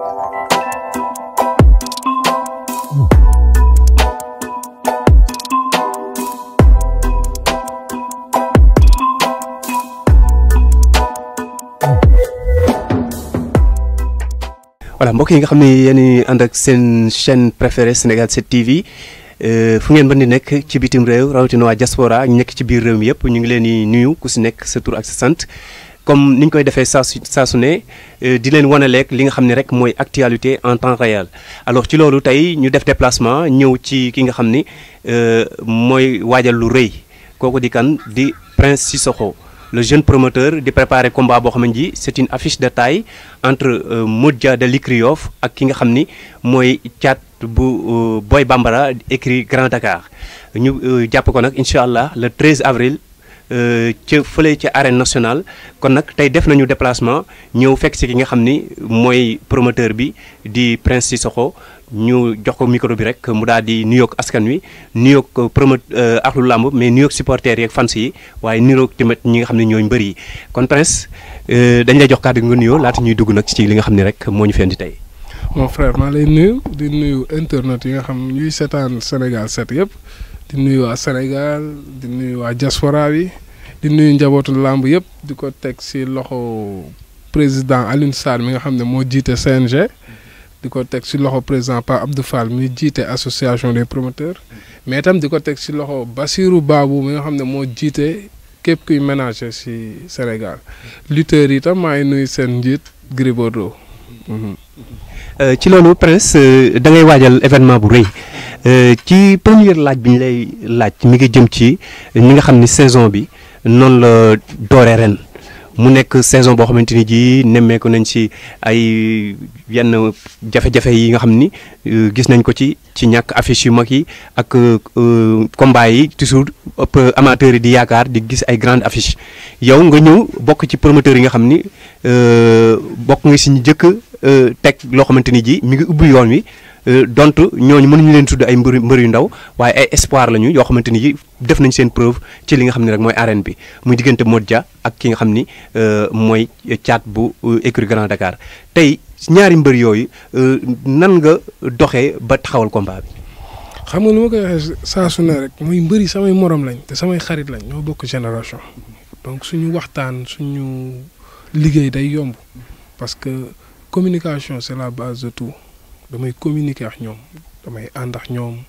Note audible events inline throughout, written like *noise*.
voilà mbokk yi nga xam ne yéen ànd ak seen chaîne préférée Sénégal 7 TV euh, fu ngeen mën ni nekk ci bitim réew rawatina waa diaspora ñu nekk ci biir réew mi yëpp ñu ngi leen di nuyu ku si nekk sa tur ak sant. comme ni ñu koy defee saa su saa su ne euh, di leen wanaleeg li nga xam ne rek mooy actualité en temps réel alors ci loolu tey ñu def déplacement ñëw ci ki nga xam ni euh, mooy waajal lu rëy kooku di kan di Prince Sissoko le jeune promoteur di préparer combat boo xam ne ji c'est une affiche de taille entre euh, Modja de Likriyof ak ki nga xam ni mooy caat bu Boy Bambara écrit Grand Dakar ñu jàpp ko nag incha allah le 13 avril. Euh, ca fële ci arène nationale kon nag tey def nañu déplacement ñëw fekk si ki nga xam ni mooy promoteur bi di Prince Sissoko ñu jox ko micro bi rek mu daal di nuyoog askan wi nuyoog euh, promote euh, axlu làmb mais nuyoog supporters yeeg fans yi waaye nuyoog tamit ñi nga xam ne ñooy mbër yi kon Prince dañ lay jox kàddu nga nuyoo laata ñuy dugg nag ci li nga xam ne rek moo ñu feen di tey. mon frère maa lay nuyu di nuyu internet yi nga xam ñuy seetaan Sénégal 7 yëpp. di nuyu waa Sénégal di nuyu waa diaspora bi di nuyu njabootu làmb yëpp di ko teg si loxo président Alioune mi nga xam ne moo jiite CNG di ko teg si loxo président Pa Abdou Fall mi jiite association des promoteurs mais itam di ko teg si loxo Basirou Babou mi nga xam ne moo jiite képp kuy ménager si Sénégal lutteurs yi itam maa ngi nuyu seen njiit Gris Bordeaux mhm. euh, ci loolu Prince euh, da waajal événement bu rëy. Euh, ci première laaj bi ñu lay laaj mi ngi jëm ci ñi nga xam ni saison bi noonu la dooree ren mu nekk saison boo xamante ni ji nemmeeku nañ si ay yenn jafe-jafe yi nga xam ni euh, gis nañ ko ci ci ñàkk affiche yu mag yi ak euh, combat yi toujours ëpp amateurs yi di yaakaar di gis ay grande affiche yow nga ñëw bokk ci promoteurs yi nga xam ni bokk nga si ñu jëkk teg loo xamante ni ji mi ngi ubbi yoon wi Euh, dont ñooñu mënuñu leen tudd ay mbër mbër yu ndaw waaye ay espoir lañu yoo xamante ni def nañ seen preuve ci li nga xam ne rek mooy arène bi muy diggante ja ak ki nga xam ni euh, mooy caat bu euh, écurie Grand Dakar tey ñaari mbër yooyu nan nga doxe ba taxawal combat bi. xam nga nu ma koy waxee saa su ne rek muy mbëri samay morom lañ te samay xarit lañ ñoo bokk génération donc suñu waxtaan suñu liggéey day yomb parce que communication c'est la base de tout. damay communiquer ak ñoom damay ànd ak ñoom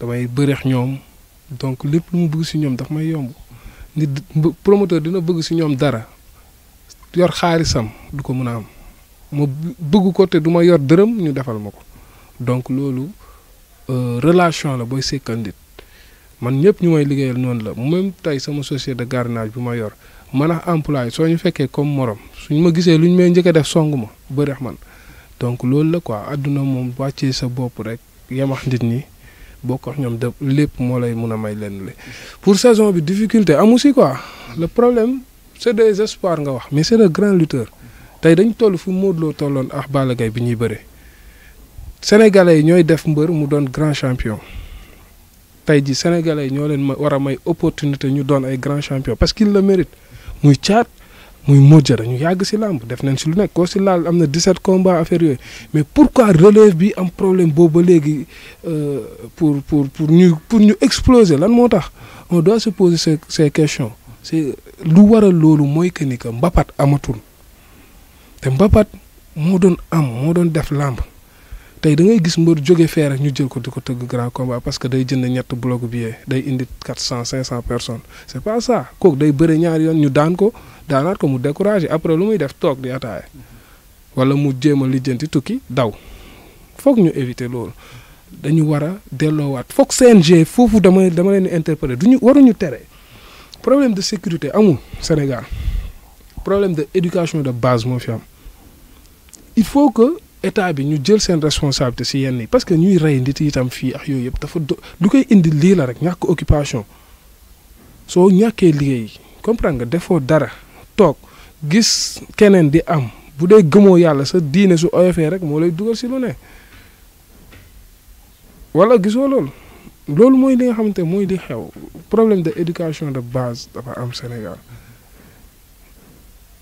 damay bëri ak ñoom donc lépp lu mu bëgg si ñoom daf may yomb nit promoteur dina bëgg si ñoom dara yor xaalisam du ko mën a am ma bëgg ko te du ma yor dërëm ñu defal ma ko donc loolu euh, relation la booy sekkal nit man ñëpp ñu may liggéeyal noonu la même tey sama société de gardiennage bi ma yor man a employé soo ñu fekkee comme morom suñ ma gisee lu ñu may njëkk a def song ma bëreex man donc loolu la quoi àdduna moom wàccee sa bopp rek yemax nit ñi bokk ak ñoom de lépp moo lay mun a may lenn li pour saison bi difficulté amu si quoi le problème c'est des espoirs nga wax mais c'est de grands lutteurs tey dañ toll fu Modou loo tolloon ak Balla Gaye bi ñuy bëree sénégalais yi ñooy def mbër mu doon grand champion tey ji sénégalais ñoo leen ma war a may opportunité ñu doon ay grand champion parce qu'il la mérite muy caat muy Modou Jara ñu yàgg si làmb def nañ si lu nekk koo si laal am na 17 combats affaire yooyu mais pourquoi relève bi am problème boobu ba léegi euh, pour pour pour ñu pour ñu exploser lan moo tax on doit se poser ces ces questions lu waral loolu mooy que ni que mbapat amatul te mbapat moo doon am moo doon def làmb. tey da ngay gis mbër jóge fee rek ñu jël ko di ko tëgg grand combat parce que day jënd ñett bloc billet day indi quatre cent cinq cent personnes c'est pas ça kooku day bëre ñaar yoon ñu daan ko daanaat ko mu découragé après lu muy def toog di ataaya wala mu jéem a lijjanti tukki daw foog ñu éviter loolu dañu war a delloowaat foog g foofu dama dama leen interpeller duñu waruñu tere problème de sécurité amul Sénégal problème de éducation de base moo fi état bi ñu jël seen responsabilité si yenn yi parce que ñuy rey nit yi itam fii ak yooyu yëpp dafa do lu koy indi lii la rek ñàkk occupation soo ñàkkee liggéey comprendre nga defoo dara toog gis keneen di am bu dee gëmoo yàlla sa diine su oyofee rek moo lay dugal si lu ne wala gisoo loolu loolu mooy li nga xamante mooy di xew problème de éducation de base dafa am Sénégal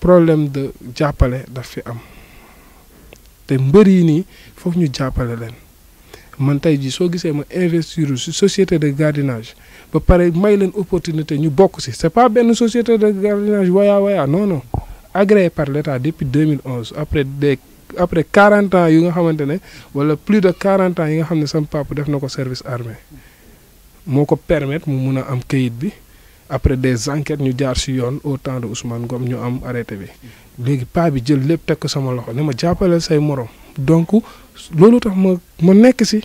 problème de jàppale daf fi am. te mbër yi nii foofu ñu jàppale leen man tey jii soo gisee ma investir si société de gardiennage ba pare may leen opportunité ñu bokk si c'est pas benn société de gardiennage waya waya non non agréé par l'État depuis 2011 après de après 40 ans yu nga xamante ne wala plus de 40 ans yi nga xam ne sama papa def na ko service armé moo ko permettre mu mun a am kayit bi. après des enquêtes ñu jaar si yoon au temps de Ousmane Ngom ñu am arrêté bi léegi paa bi jël lépp teg ko sama loxo ne ma jàppale say morom donc loolu tax ma ma nekk si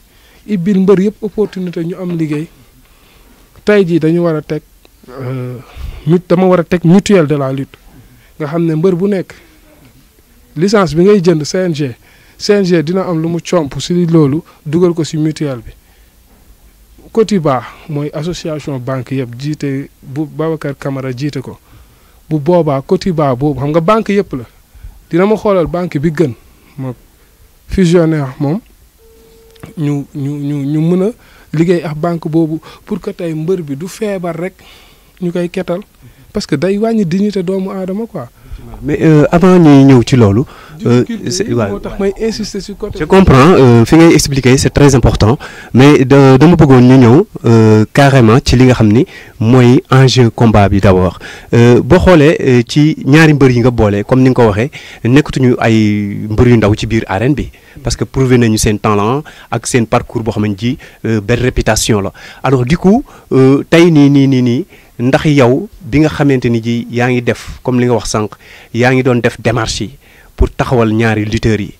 ibbil mbër yëpp opportunité ñu am liggéey tey jii dañu war a teg euh, mut dama war a teg mutuelle de la lute nga xam ne mbër bu nekk licence bi ngay jënd CNG CNG dina am lu mu comp si loolu dugal ko si mutuelle bi Cotiba mooy association banque yëpp jiite bu Babacar Camara jiite ko bu boobaa ba boobu xam nga banque yëpp la dina ma xoolal banque bi gën ma fusionné moom ñu ñu ñu ñu mën a liggéey ak banque boobu pour que tey mbër bi du feebar rek ñu koy ketal parce que day wàññi dignité doomu aadama quoi. mais euh, avant ñuy ñëw ci loolu. Euh, waaw may insister sur je comprends euh, fi ngay expliquer c'est très important mais dama bëggoon ñu ñëw carrément ci li nga xam ni mooy enjeu combat bi d'abord boo xoolee ci ñaari mbër yi nga boole comme ni nga ko waxee nekkatuñu ay mbër yu ndaw ci biir arène bi. parce que prouvé nañu seen talent ak seen parcours boo xam ne ji belle réputation la alors du coup tey nii nii nii. ndax yow bi nga xamante ni ji yaa ngi def comme li nga wax sànq yaa ngi doon def démarche yi pour taxawal ñaari lutteurs yi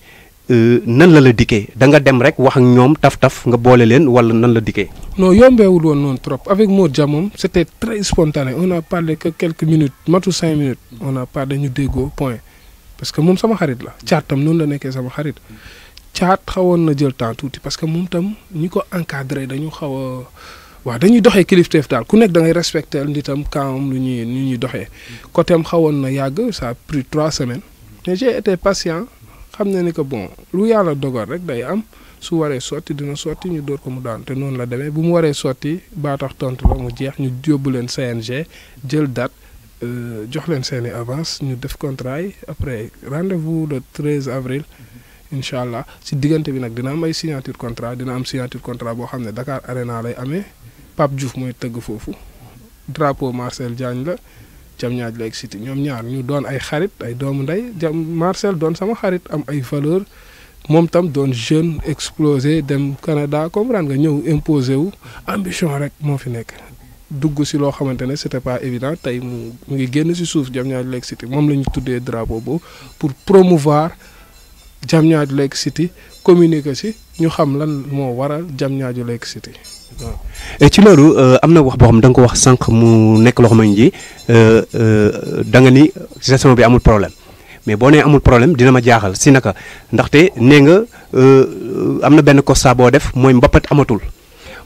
euh, nan la la dikkee da nga dem rek wax ak ñoom taf-taf nga boole leen wala nan la dikkee. non yombeewul woon noonu trop avec Modou moom c' était très spontané on a que quelques minutes matu cinq minutes on a ñu déggoo point parce que moom sama xarit la caat tam noonu la nekkee sama xarit caat xawoon na jël temps tuuti parce que moom tam ñu ko encadré dañu xaw a waaw dañuy doxee kilifteef daal ku nekk dangay ngay respecter nitam kaamam lu ñuy lu ñuy doxee côté am xawoon na yàgg sa a trois semaines mais j'ai été patient xam na ni que bon lu yàlla dogal rek day am su waree sotti dina sotti ñu dóor ko mu daan te noonu la demee bu mu waree sotti baa tax tontu la mu jeex ñu yóbbu leen CNG jël date euh, jox leen seeni avance ñu def contrat yi après rendez-vous le 13 avril incha allah si diggante bi nag dina am ay signature contrat dina am signature contrat boo xam ne Dakar Arena lay amee Pape Diouf mooy tëgg foofu drapeau Marcel Diagne la jam ñaaj la ak ñoom ñaar ñu doon ay xarit ay doomu ndey jam Marcel doon sama xarit am ay valeur moom tam doon jeune explosé dem Canada comprendre nga ñëw imposé wu ambition rek moo fi nekk dugg si loo xamante ne c'était pas évident tey mu mu ngi génn si suuf jam ñaaj la ak moom la ñu tuddee drapeau boobu pour promouvoir Diamniadio Lake City communiqué si ñu xam lan moo waral Diamniadio Lake City waaw. ci loolu euh, am na wax boo xam da nga ko wax sànq mu nekk loo xamante ni euh, euh, da nga ni gestion bi amul problème mais boo nee amul problème dina ma jaaxal si naka ndaxte nee nga am na benn kostaaboo def mooy mbappat amatul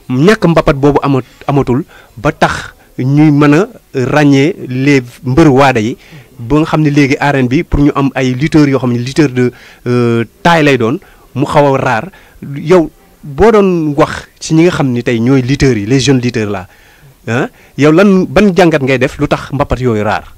ñàkk mbappat boobu ama amatul ba tax ñuy mën a ràññee les mbër waada yi. ba nga xam ne léegi arène bi pour ñu am ay lutteurs yoo xam ne lutteur de euh, taille lay doon mu xaw a raar yow boo doon wax ci ñi nga xam ni tey ñooy lutteurs yi les jeunes lutteurs là ah yow lan ban jàngat ngay def lu tax mbapat yooyu raar.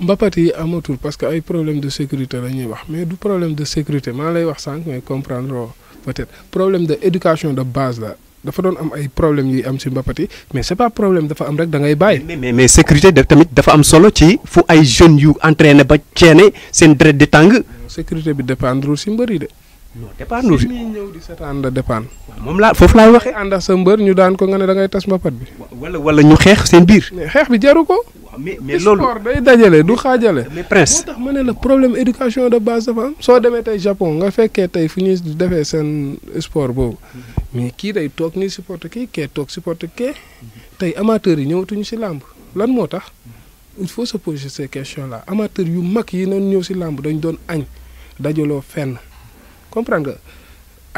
mbapat yi amatul parce que ay problème de sécurité la ñuy wax mais du problème de sécurité maa lay wax sànq mais comprendre peut-être problème de éducation de base la. dafa doon am ay problème yuy am si mbapat yi mais c'est pas problème dafa am rek da ngay bàyyi. mais mais sécurité daf tamit dafa am solo ci fu ay jeune yu entraîné ba ceene seen deret de tàng. sécurité bi dépendre si mbër yi de. non dépendre ci ñuy seetaan la dépendre. laa foofu laay waxee. ànd ak sa mbër ñu daan ko nga ne da ngay tas mbapat bi. wala wala ñu xeex seen biir. mais xeex bi jaru ko. mais mais loolu sport day dajale du xaajale. mais prince moo tax ma ne la problème éducation de base dafa am. soo demee tey Japon nga fekkee tey fu ñuy defee seen sport boobu. mais kii day toog nii supporter kii kee toog supporter kee tey amateurs yi ñëwatuñu si làmb lan moo tax il faut se poser ces questions là amateurs yu mag yi noonu ñëw si làmb dañ doon añ dajaloo fenn comprendre nga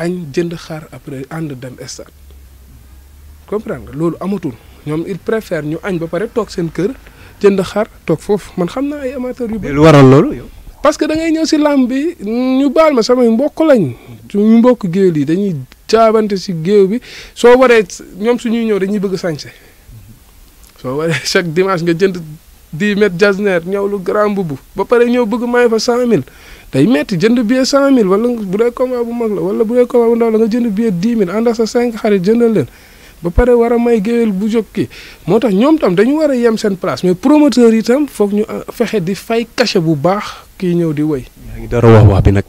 añ jënd xaar après ànd dem stade comprendre nga loolu amatul ñoom il préfère ñu añ ba pare toog seen kër jënd xar toog foofu man xam naa ay amateurs yu. lu waral loolu yow. parce que da ngay ñëw si làmb bi ñu baal ma samay mbokk lañ. suñu mbokk géwél yi dañuy caabante si géew bi soo waree ñoom suñuy ñëw dañuy bëgg sañse soo waree *laughs* chaque dimanche nga jënd 10 mètres jasner ñëw lu grand mbubb ba pare ñëw bëgg may fa 100000 day metti jënd billet 100000 wala bu dee combat bu mag la wala bu dee combat bu ndaw la nga jënd billet 10000 ànd ak sa 5 xarit jëndal leen ba pare war a may géwél bu jóg moo tax ñoom tam dañu war a yem seen place mais promoteur yi tam foog ñu ah, fexe di fay cachet bu baax kii ñëw di wéy. yaa ngi dara wax bi nag.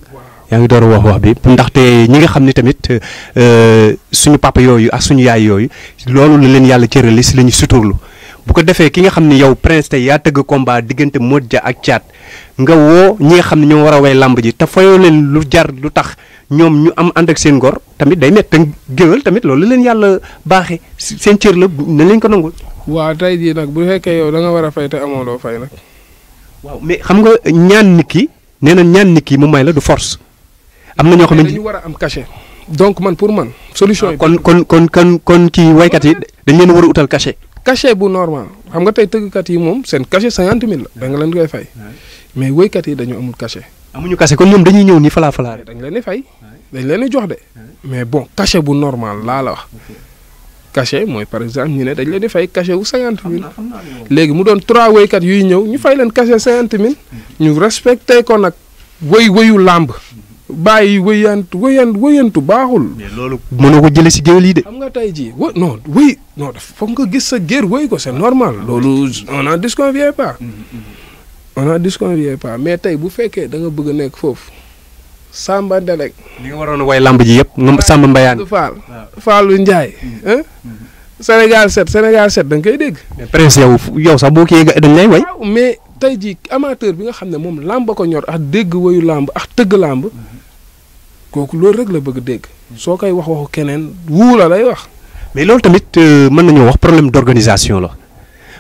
yaa ngi door a wax wax bi ndaxte ñi nga xam ne tamit euh, suñu papa yooyu ak suñu yaay yooyu loolu la leen yàlla cërale si la ñu suturlu bu ko defee ki nga xam ni yow prince tey yaa tëgg combat diggante Modou Dia ak Thiat nga woo ñi nga xam ne ñoo war a way làmb ji te fayoo leen lu jar lu tax ñoom ñu am ànd ak seen ngor tamit day métti géwél tamit loolu leen yàlla baaxee seen cër la na leen ko nangul. waaw tey jii nag bu fekkee yow da nga war a fay te amoo fay nag. waaw mais xam nga ñaan nit ki nee na ñaan nit ki mu may la du force. am na ñoo xam ne ñu war a am cachet donc man pour man solution yi. Ah, kon kon kon kon kon kii waykat yi dañ leen war a utal cachet. cachet bu normal xam nga tey tëggkat yi moom seen cachet cinquante mille da nga leen koy fay mais waykat yi dañu amul cachet. amuñu cachet kon ñoom dañuy ñëw ni falaa falaa dañ leen fay dañ leen di jox de mais bon cachet bu normal laa la wax. kache mooy par exemple ñu ne dañ leen di fay cachet wu cinquante mille léegi mu doon trois woykat yuy ñëw ñu fay leen cachet cinquante mille mm-hmm. ñu respecté kon nag woy woyu làmb bàyyi wëyantu wëyantu wëyantu baaxul. loolu mënoo ko jëlee si géwél yi de. am nga tey jii wë non wëy non dafa foog nga gis sa géer wëy ko c'est normal loolu on n'en disconvient pas. Mm-hmm, mm-hmm. on mais tey bu fekkee da nga bëgg a nekk foofu. Samba Delek. li nga waroon way lamb ji yëpp nga Samba Mbayaan. Fall Fallou Ndiaye. Mm-hmm. Sénégal Sénégal 7 da koy dégg. mais prince yow sax boo kii dañ way. mais tey jii amateur bi nga xam ne moom lamb ko ñor ak dégg wayu làmb ak tëgg làmb kooku loolu rek la bëgg dégg soo koy wax waxu keneen wuu la lay wax. mais loolu tamit euh, mën nañoo wax problème d'organisation la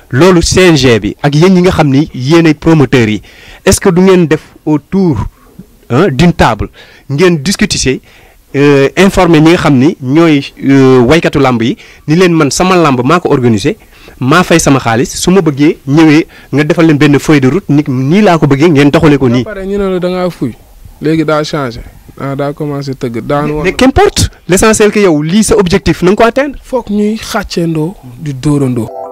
loolu CNG bi ak yéen yi nga xam ni yéen ay promoteurs yi est-ce que du ngeen def autour d'une table ngeen discuter euh, informer ñi nga xam ni ñooy euh, waykatu làmb yi ni leen man sama làmb maa ko organiser maa fay sama xaalis su ma bëggee ñëwee nga defal leen benn feuille de route ni nii laa ko bëggee ngeen doxalee ko nii. léegi daa changé ah daa commencé tëgg daan woon mais qu'importe l'essentiel que yow lii sa objectif na ko atteindre. foog ñuy xàcceendoo di dóorandoo.